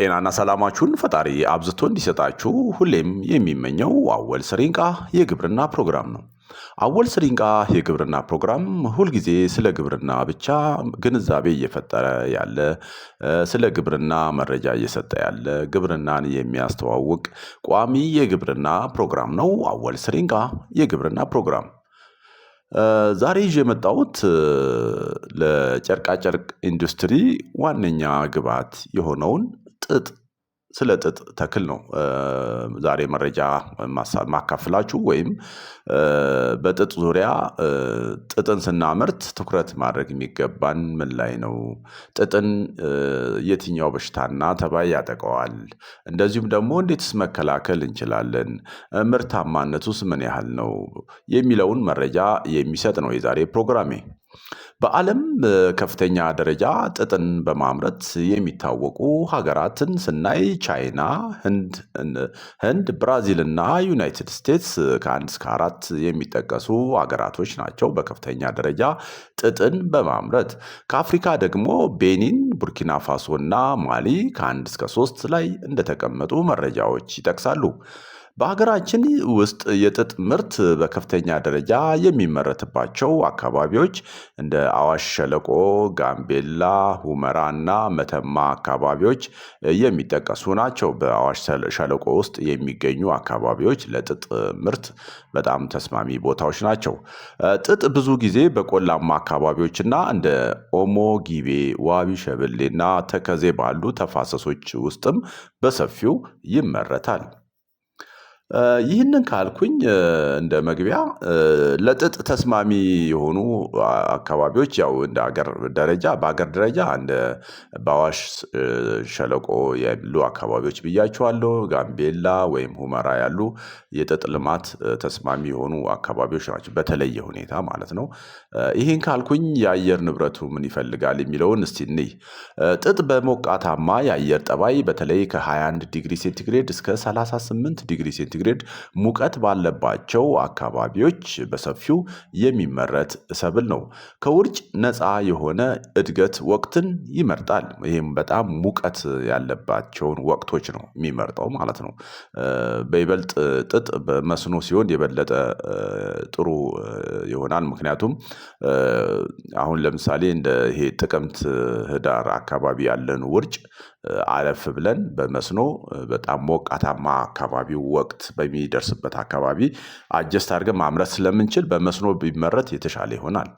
ጤናና ሰላማችሁን ፈጣሪ አብዝቶ እንዲሰጣችሁ ሁሌም የሚመኘው አወል ስሪንቃ የግብርና ፕሮግራም ነው። አወል ስሪንቃ የግብርና ፕሮግራም ሁልጊዜ ስለ ግብርና ብቻ ግንዛቤ እየፈጠረ ያለ፣ ስለ ግብርና መረጃ እየሰጠ ያለ፣ ግብርናን የሚያስተዋውቅ ቋሚ የግብርና ፕሮግራም ነው። አወል ስሪንቃ የግብርና ፕሮግራም ዛሬ ይዤ የመጣሁት ለጨርቃጨርቅ ኢንዱስትሪ ዋነኛ ግብዓት የሆነውን ጥጥ ስለ ጥጥ ተክል ነው ዛሬ መረጃ ማካፍላችሁ ወይም በጥጥ ዙሪያ ጥጥን ስናመርት ትኩረት ማድረግ የሚገባን ምን ላይ ነው? ጥጥን የትኛው በሽታና ተባይ ያጠቀዋል? እንደዚሁም ደግሞ እንዴትስ መከላከል እንችላለን? ምርታማነቱስ ምን ያህል ነው? የሚለውን መረጃ የሚሰጥ ነው የዛሬ ፕሮግራሜ። በዓለም ከፍተኛ ደረጃ ጥጥን በማምረት የሚታወቁ ሀገራትን ስናይ ቻይና፣ ህንድ፣ ብራዚል እና ዩናይትድ ስቴትስ ከአንድ እስከ አራት የሚጠቀሱ ሀገራቶች ናቸው በከፍተኛ ደረጃ ጥጥን በማምረት። ከአፍሪካ ደግሞ ቤኒን፣ ቡርኪና ፋሶ እና ማሊ ከአንድ እስከ ሶስት ላይ እንደተቀመጡ መረጃዎች ይጠቅሳሉ። በሀገራችን ውስጥ የጥጥ ምርት በከፍተኛ ደረጃ የሚመረትባቸው አካባቢዎች እንደ አዋሽ ሸለቆ፣ ጋምቤላ፣ ሁመራ እና መተማ አካባቢዎች የሚጠቀሱ ናቸው። በአዋሽ ሸለቆ ውስጥ የሚገኙ አካባቢዎች ለጥጥ ምርት በጣም ተስማሚ ቦታዎች ናቸው። ጥጥ ብዙ ጊዜ በቆላማ አካባቢዎች እና እንደ ኦሞ ጊቤ፣ ዋቢ ና ተከዜ ባሉ ተፋሰሶች ውስጥም በሰፊው ይመረታል። ይህንን ካልኩኝ እንደ መግቢያ ለጥጥ ተስማሚ የሆኑ አካባቢዎች ያው እንደ ሀገር ደረጃ በአገር ደረጃ እንደ በአዋሽ ሸለቆ ያሉ አካባቢዎች ብያችኋለሁ ጋምቤላ ወይም ሁመራ ያሉ የጥጥ ልማት ተስማሚ የሆኑ አካባቢዎች ናቸው በተለየ ሁኔታ ማለት ነው። ይህን ካልኩኝ የአየር ንብረቱ ምን ይፈልጋል የሚለውን እስቲ እንይ። ጥጥ በሞቃታማ የአየር ጠባይ በተለይ ከ21 ዲግሪ ሴንቲግሬድ እስከ 38 ዲግሪ ሴንቲግሬድ ሴንቲግሬድ ሙቀት ባለባቸው አካባቢዎች በሰፊው የሚመረት ሰብል ነው። ከውርጭ ነፃ የሆነ እድገት ወቅትን ይመርጣል። ይህም በጣም ሙቀት ያለባቸውን ወቅቶች ነው የሚመርጠው ማለት ነው። በይበልጥ ጥጥ በመስኖ ሲሆን የበለጠ ጥሩ ይሆናል። ምክንያቱም አሁን ለምሳሌ እንደ ይሄ ጥቅምት ህዳር አካባቢ ያለን ውርጭ አለፍ ብለን በመስኖ በጣም ሞቃታማ አካባቢው ወቅት በሚደርስበት አካባቢ አጀስት አድርገን ማምረት ስለምንችል በመስኖ ቢመረት የተሻለ ይሆናል።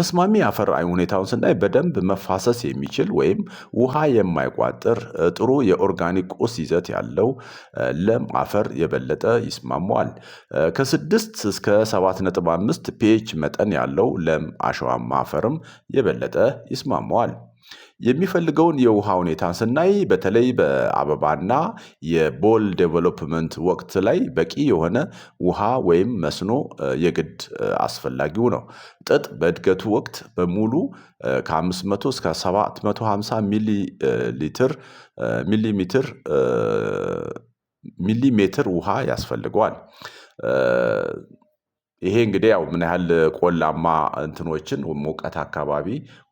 ተስማሚ አፈር ሁኔታውን ስናይ በደንብ መፋሰስ የሚችል ወይም ውሃ የማይቋጥር ጥሩ የኦርጋኒክ ቁስ ይዘት ያለው ለም አፈር የበለጠ ይስማመዋል። ከስድስት እስከ ሰባት ነጥብ አምስት ፒኤች መጠን ያለው ለም አሸዋማ አፈርም የበለጠ ይስማመዋል። የሚፈልገውን የውሃ ሁኔታን ስናይ በተለይ በአበባና የቦል ዴቨሎፕመንት ወቅት ላይ በቂ የሆነ ውሃ ወይም መስኖ የግድ አስፈላጊው ነው። ጥጥ በእድገቱ ወቅት በሙሉ ከ500 እስከ 750 ሚሊ ሊትር ሚሊሜትር ሚሊሜትር ውሃ ያስፈልገዋል። ይሄ እንግዲህ ያው ምን ያህል ቆላማ እንትኖችን ሙቀት አካባቢ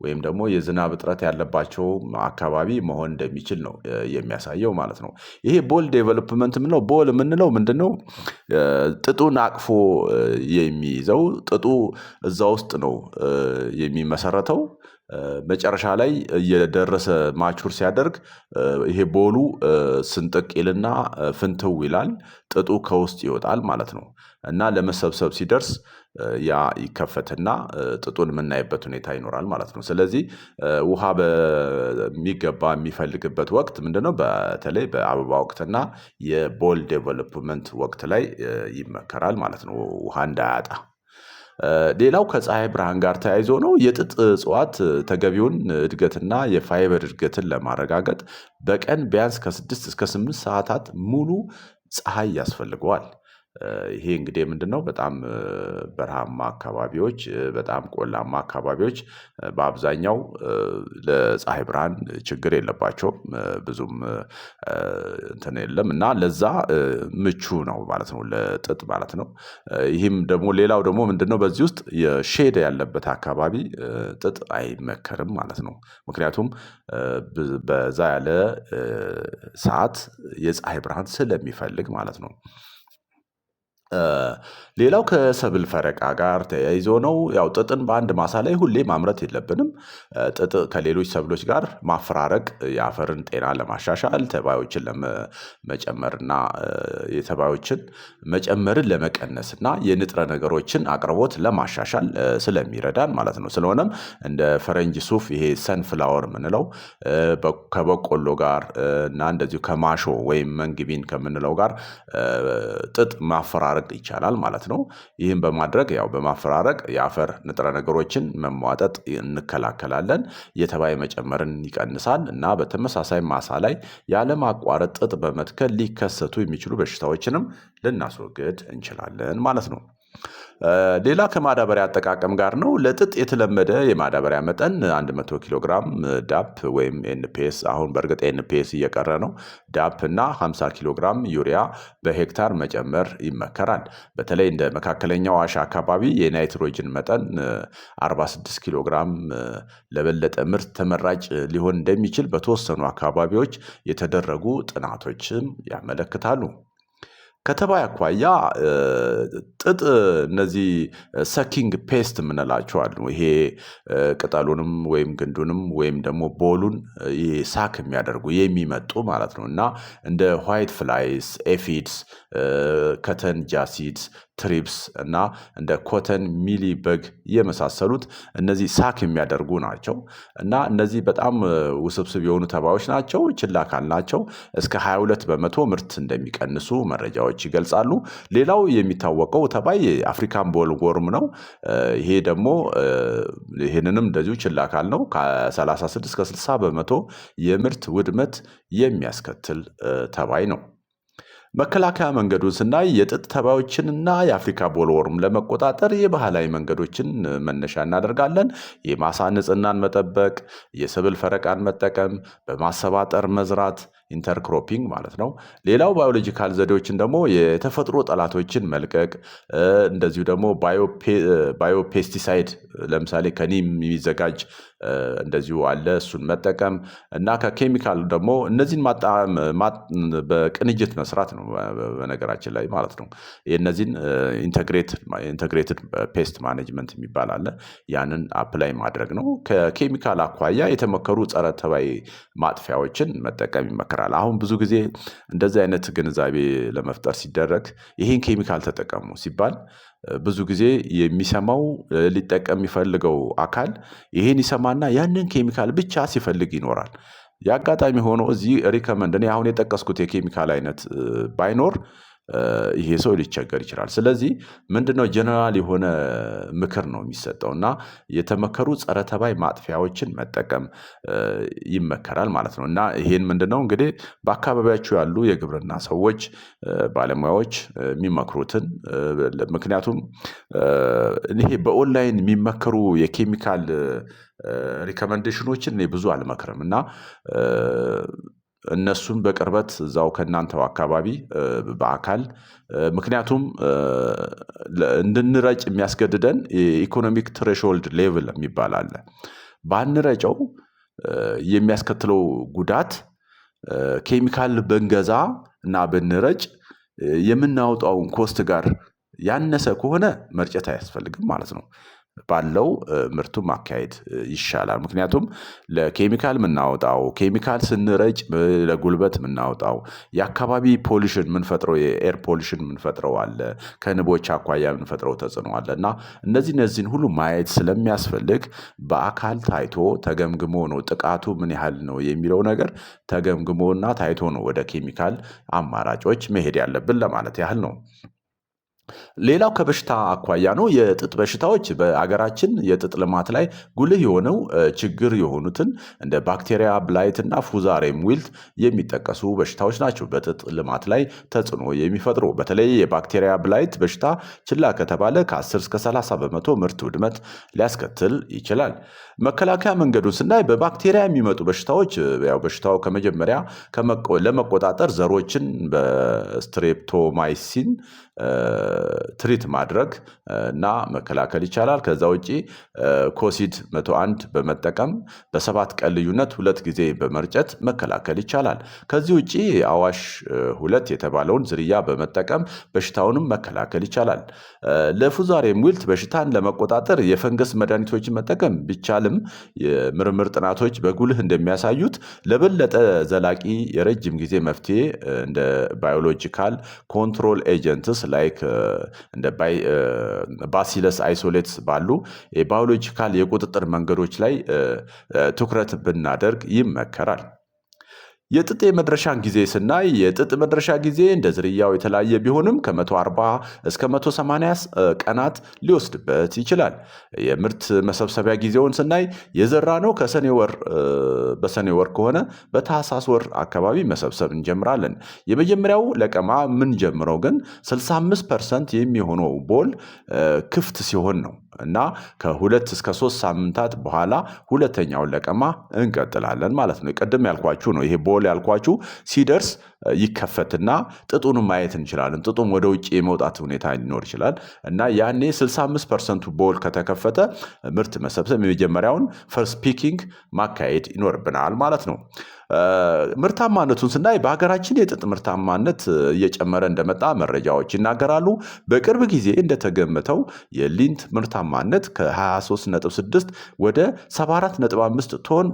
ወይም ደግሞ የዝናብ እጥረት ያለባቸው አካባቢ መሆን እንደሚችል ነው የሚያሳየው ማለት ነው። ይሄ ቦል ዴቨሎፕመንት የምንለው ቦል የምንለው ምንድነው? ጥጡን አቅፎ የሚይዘው ጥጡ እዛ ውስጥ ነው የሚመሰረተው መጨረሻ ላይ እየደረሰ ማቹር ሲያደርግ ይሄ ቦሉ ስንጥቅ ይልና ፍንትው ይላል። ጥጡ ከውስጥ ይወጣል ማለት ነው እና ለመሰብሰብ ሲደርስ ያ ይከፈትና ጥጡን የምናይበት ሁኔታ ይኖራል ማለት ነው። ስለዚህ ውሃ በሚገባ የሚፈልግበት ወቅት ምንድነው? በተለይ በአበባ ወቅትና የቦል ዴቨሎፕመንት ወቅት ላይ ይመከራል ማለት ነው። ውሃ እንዳያጣ ሌላው ከፀሐይ ብርሃን ጋር ተያይዞ ነው። የጥጥ እጽዋት ተገቢውን እድገትና የፋይበር እድገትን ለማረጋገጥ በቀን ቢያንስ ከስድስት እስከ ስምንት ሰዓታት ሙሉ ፀሐይ ያስፈልገዋል። ይሄ እንግዲህ ምንድነው በጣም በረሃማ አካባቢዎች በጣም ቆላማ አካባቢዎች በአብዛኛው ለፀሐይ ብርሃን ችግር የለባቸውም ብዙም እንትን የለም እና ለዛ ምቹ ነው ማለት ነው ለጥጥ ማለት ነው። ይህም ደግሞ ሌላው ደግሞ ምንድነው በዚህ ውስጥ የሼድ ያለበት አካባቢ ጥጥ አይመከርም ማለት ነው። ምክንያቱም በዛ ያለ ሰዓት የፀሐይ ብርሃን ስለሚፈልግ ማለት ነው። ሌላው ከሰብል ፈረቃ ጋር ተያይዞ ነው። ያው ጥጥን በአንድ ማሳ ላይ ሁሌ ማምረት የለብንም። ጥጥ ከሌሎች ሰብሎች ጋር ማፈራረቅ የአፈርን ጤና ለማሻሻል ተባዮችን ለመጨመርና የተባዮችን መጨመርን ለመቀነስ እና የንጥረ ነገሮችን አቅርቦት ለማሻሻል ስለሚረዳን ማለት ነው። ስለሆነም እንደ ፈረንጅ ሱፍ ይሄ ሰንፍላወር ምንለው ከበቆሎ ጋር እና እንደዚሁ ከማሾ ወይም መንግቢን ከምንለው ጋር ጥጥ ማፈራረቅ ማድረግ ይቻላል ማለት ነው። ይህም በማድረግ ያው በማፈራረቅ የአፈር ንጥረ ነገሮችን መሟጠጥ እንከላከላለን። የተባይ መጨመርን ይቀንሳል እና በተመሳሳይ ማሳ ላይ ያለማቋረጥ ጥጥ በመትከል ሊከሰቱ የሚችሉ በሽታዎችንም ልናስወግድ እንችላለን ማለት ነው። ሌላ ከማዳበሪያ አጠቃቀም ጋር ነው። ለጥጥ የተለመደ የማዳበሪያ መጠን 100 ኪሎ ግራም ዳፕ ወይም ኤንፒኤስ አሁን በእርግጥ ኤንፒኤስ እየቀረ ነው። ዳፕ እና 50 ኪሎ ግራም ዩሪያ በሄክታር መጨመር ይመከራል። በተለይ እንደ መካከለኛው ዋሻ አካባቢ የናይትሮጅን መጠን 46 ኪሎ ግራም ለበለጠ ምርት ተመራጭ ሊሆን እንደሚችል በተወሰኑ አካባቢዎች የተደረጉ ጥናቶችም ያመለክታሉ። ከተባይ አኳያ ጥጥ እነዚህ ሰኪንግ ፔስት የምንላቸው አሉ። ይሄ ቅጠሉንም ወይም ግንዱንም ወይም ደግሞ ቦሉን ሳክ የሚያደርጉ የሚመጡ ማለት ነው። እና እንደ ዋይት ፍላይስ ኤፊድስ ከተን ጃሲድስ ትሪፕስ እና እንደ ኮተን ሚሊ በግ የመሳሰሉት እነዚህ ሳክ የሚያደርጉ ናቸው እና እነዚህ በጣም ውስብስብ የሆኑ ተባዮች ናቸው። ችላ ካልናቸው እስከ 22 በመቶ ምርት እንደሚቀንሱ መረጃዎች ይገልጻሉ። ሌላው የሚታወቀው ተባይ አፍሪካን ቦልጎርም ነው። ይሄ ደግሞ ይህንንም እንደዚሁ ችላ ነው ከ36 እስከ 60 በመቶ የምርት ውድመት የሚያስከትል ተባይ ነው። መከላከያ መንገዱን ስናይ የጥጥ ተባዮችንና የአፍሪካ ቦልወርም ለመቆጣጠር የባህላዊ መንገዶችን መነሻ እናደርጋለን። የማሳ ንጽህናን መጠበቅ፣ የሰብል ፈረቃን መጠቀም፣ በማሰባጠር መዝራት ኢንተርክሮፒንግ ማለት ነው። ሌላው ባዮሎጂካል ዘዴዎችን ደግሞ የተፈጥሮ ጠላቶችን መልቀቅ፣ እንደዚሁ ደግሞ ባዮፔስቲሳይድ ለምሳሌ ከኒም የሚዘጋጅ እንደዚሁ አለ። እሱን መጠቀም እና ከኬሚካል ደግሞ እነዚህን በቅንጅት መስራት ነው በነገራችን ላይ ማለት ነው። የእነዚህን ኢንተግሬትድ ፔስት ማኔጅመንት የሚባል አለ። ያንን አፕላይ ማድረግ ነው። ከኬሚካል አኳያ የተመከሩ ጸረ ተባይ ማጥፊያዎችን መጠቀም ይመከራል። አሁን ብዙ ጊዜ እንደዚህ አይነት ግንዛቤ ለመፍጠር ሲደረግ ይህን ኬሚካል ተጠቀሙ ሲባል ብዙ ጊዜ የሚሰማው ሊጠቀም የሚፈልገው አካል ይሄን ይሰማና ያንን ኬሚካል ብቻ ሲፈልግ ይኖራል። የአጋጣሚ ሆኖ እዚህ ሪከመንድ እኔ አሁን የጠቀስኩት የኬሚካል አይነት ባይኖር ይሄ ሰው ሊቸገር ይችላል። ስለዚህ ምንድነው ጀነራል የሆነ ምክር ነው የሚሰጠው እና የተመከሩ ጸረ ተባይ ማጥፊያዎችን መጠቀም ይመከራል ማለት ነው። እና ይሄን ምንድነው እንግዲህ በአካባቢያቸው ያሉ የግብርና ሰዎች ባለሙያዎች የሚመክሩትን ምክንያቱም ይሄ በኦንላይን የሚመከሩ የኬሚካል ሪከመንዴሽኖችን እኔ ብዙ አልመክርም እና እነሱም በቅርበት እዛው ከእናንተው አካባቢ በአካል ምክንያቱም እንድንረጭ የሚያስገድደን የኢኮኖሚክ ትሬሾልድ ሌቭል የሚባል አለ። ባንረጨው የሚያስከትለው ጉዳት ኬሚካል ብንገዛ እና ብንረጭ የምናወጣውን ኮስት ጋር ያነሰ ከሆነ መርጨት አያስፈልግም ማለት ነው። ባለው ምርቱ ማካሄድ ይሻላል። ምክንያቱም ለኬሚካል የምናወጣው ኬሚካል ስንረጭ ለጉልበት የምናወጣው የአካባቢ ፖሊሽን ምንፈጥረው የኤር ፖሊሽን የምንፈጥረው አለ ከንቦች አኳያ ምንፈጥረው ተጽዕኖ አለ እና እነዚህ እነዚህን ሁሉ ማየት ስለሚያስፈልግ በአካል ታይቶ ተገምግሞ ነው ጥቃቱ ምን ያህል ነው የሚለው ነገር ተገምግሞና ታይቶ ነው ወደ ኬሚካል አማራጮች መሄድ ያለብን ለማለት ያህል ነው። ሌላው ከበሽታ አኳያ ነው። የጥጥ በሽታዎች በአገራችን የጥጥ ልማት ላይ ጉልህ የሆነው ችግር የሆኑትን እንደ ባክቴሪያ ብላይት እና ፉዛሬም ዊልት የሚጠቀሱ በሽታዎች ናቸው። በጥጥ ልማት ላይ ተጽዕኖ የሚፈጥሩ በተለይ የባክቴሪያ ብላይት በሽታ ችላ ከተባለ ከ10 እስከ 30 በመቶ ምርት ውድመት ሊያስከትል ይችላል። መከላከያ መንገዱን ስናይ በባክቴሪያ የሚመጡ በሽታዎች ያው በሽታው ከመጀመሪያ ለመቆጣጠር ዘሮችን በስትሬፕቶማይሲን ትሪት ማድረግ እና መከላከል ይቻላል። ከዛ ውጪ ኮሲድ መቶ አንድ በመጠቀም በሰባት ቀን ልዩነት ሁለት ጊዜ በመርጨት መከላከል ይቻላል። ከዚህ ውጪ አዋሽ ሁለት የተባለውን ዝርያ በመጠቀም በሽታውንም መከላከል ይቻላል። ለፉዛሬም ዊልት በሽታን ለመቆጣጠር የፈንገስ መድኃኒቶችን መጠቀም ቢቻልም የምርምር ጥናቶች በጉልህ እንደሚያሳዩት ለበለጠ ዘላቂ የረጅም ጊዜ መፍትሄ እንደ ባዮሎጂካል ኮንትሮል ኤጀንትስ ላይክ እንደ ባሲለስ አይሶሌትስ ባሉ የባዮሎጂካል የቁጥጥር መንገዶች ላይ ትኩረት ብናደርግ ይመከራል። የጥጥ የመድረሻን ጊዜ ስናይ የጥጥ መድረሻ ጊዜ እንደ ዝርያው የተለያየ ቢሆንም ከ140 እስከ 180 ቀናት ሊወስድበት ይችላል። የምርት መሰብሰቢያ ጊዜውን ስናይ የዘራ ነው ከሰኔ ወር በሰኔ ወር ከሆነ በታህሳስ ወር አካባቢ መሰብሰብ እንጀምራለን። የመጀመሪያው ለቀማ ምን ጀምረው ግን 65 ፐርሰንት የሚሆነው ቦል ክፍት ሲሆን ነው። እና ከሁለት እስከ ሶስት ሳምንታት በኋላ ሁለተኛውን ለቀማ እንቀጥላለን ማለት ነው። ቅድም ያልኳችሁ ነው። ይሄ ቦል ያልኳችሁ ሲደርስ ይከፈትና ጥጡንም ማየት እንችላለን። ጥጡም ወደ ውጭ የመውጣት ሁኔታ ሊኖር ይችላል እና ያኔ 65 ፐርሰንቱ ቦል ከተከፈተ ምርት መሰብሰብ የመጀመሪያውን ፈርስት ፒኪንግ ማካሄድ ይኖርብናል ማለት ነው። ምርታማነቱን ስናይ በሀገራችን የጥጥ ምርታማነት እየጨመረ እንደመጣ መረጃዎች ይናገራሉ። በቅርብ ጊዜ እንደተገመተው የሊንት ምርታማነት ከ236 ወደ 74.5 ቶን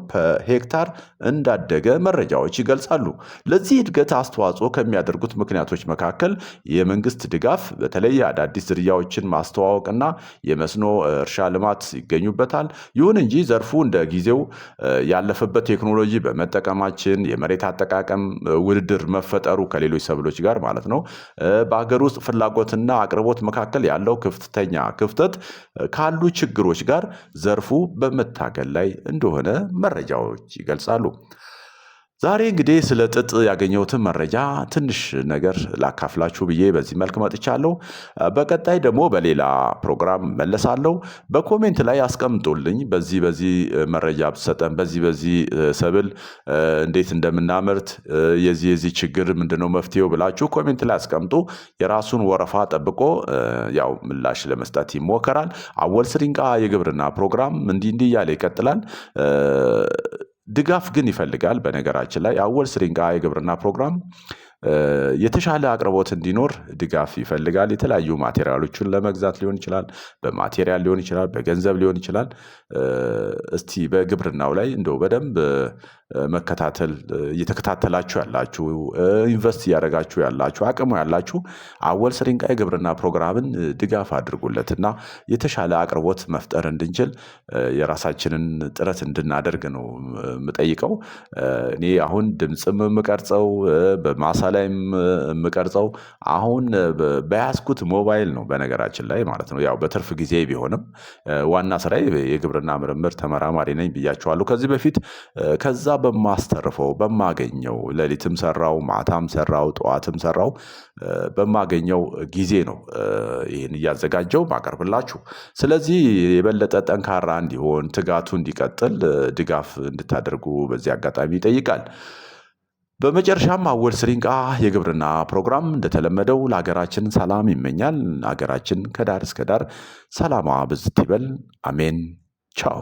ሄክታር እንዳደገ መረጃዎች ይገልጻሉ። ለዚህ እድገት አስተዋጽኦ ከሚያደርጉት ምክንያቶች መካከል የመንግስት ድጋፍ፣ በተለይ አዳዲስ ዝርያዎችን ማስተዋወቅና የመስኖ እርሻ ልማት ይገኙበታል። ይሁን እንጂ ዘርፉ እንደ ጊዜው ያለፈበት ቴክኖሎጂ በመጠቀማችን የመሬት አጠቃቀም ውድድር መፈጠሩ ከሌሎች ሰብሎች ጋር ማለት ነው በሀገር ውስጥ ፍላጎትና አቅርቦት መካከል ያለው ከፍተኛ ክፍተት ካሉ ችግሮች ጋር ዘርፉ በመታገል ላይ እንደሆነ መረጃዎች ይገልጻሉ። ዛሬ እንግዲህ ስለ ጥጥ ያገኘሁትን መረጃ ትንሽ ነገር ላካፍላችሁ ብዬ በዚህ መልክ መጥቻለሁ። በቀጣይ ደግሞ በሌላ ፕሮግራም መለሳለሁ። በኮሜንት ላይ አስቀምጡልኝ በዚህ በዚህ መረጃ ብትሰጠን፣ በዚህ በዚህ ሰብል እንዴት እንደምናመርት የዚህ የዚህ ችግር ምንድነው መፍትሄው ብላችሁ ኮሜንት ላይ አስቀምጡ። የራሱን ወረፋ ጠብቆ ያው ምላሽ ለመስጠት ይሞከራል። አወል ስሪንቃ የግብርና ፕሮግራም እንዲህ እንዲህ እያለ ይቀጥላል። ድጋፍ ግን ይፈልጋል። በነገራችን ላይ የአወል ስሪንጋ የግብርና ፕሮግራም የተሻለ አቅርቦት እንዲኖር ድጋፍ ይፈልጋል። የተለያዩ ማቴሪያሎቹን ለመግዛት ሊሆን ይችላል፣ በማቴሪያል ሊሆን ይችላል፣ በገንዘብ ሊሆን ይችላል። እስቲ በግብርናው ላይ እንደው በደንብ መከታተል እየተከታተላችሁ ያላችሁ ኢንቨስት እያደረጋችሁ ያላችሁ አቅሙ ያላችሁ አወል ስሪንቃ የግብርና ፕሮግራምን ድጋፍ አድርጉለት እና የተሻለ አቅርቦት መፍጠር እንድንችል የራሳችንን ጥረት እንድናደርግ ነው የምጠይቀው። እኔ አሁን ድምፅም የምቀርጸው በማሳ ላይም የምቀርጸው አሁን በያዝኩት ሞባይል ነው በነገራችን ላይ ማለት ነው። ያው በትርፍ ጊዜ ቢሆንም ዋና ስራ የግብርና ምርምር ተመራማሪ ነኝ ብያችኋለሁ ከዚህ በፊት ከዛ በማስተርፈው በማገኘው ሌሊትም ሰራው ማታም ሰራው ጠዋትም ሰራው በማገኘው ጊዜ ነው ይህን እያዘጋጀው ማቀርብላችሁ። ስለዚህ የበለጠ ጠንካራ እንዲሆን ትጋቱ እንዲቀጥል ድጋፍ እንድታደርጉ በዚህ አጋጣሚ ይጠይቃል። በመጨረሻም አወል ስሪንቃ የግብርና ፕሮግራም እንደተለመደው ለሀገራችን ሰላም ይመኛል። ሀገራችን ከዳር እስከ ዳር ሰላማ ብዝት ይበል። አሜን። ቻው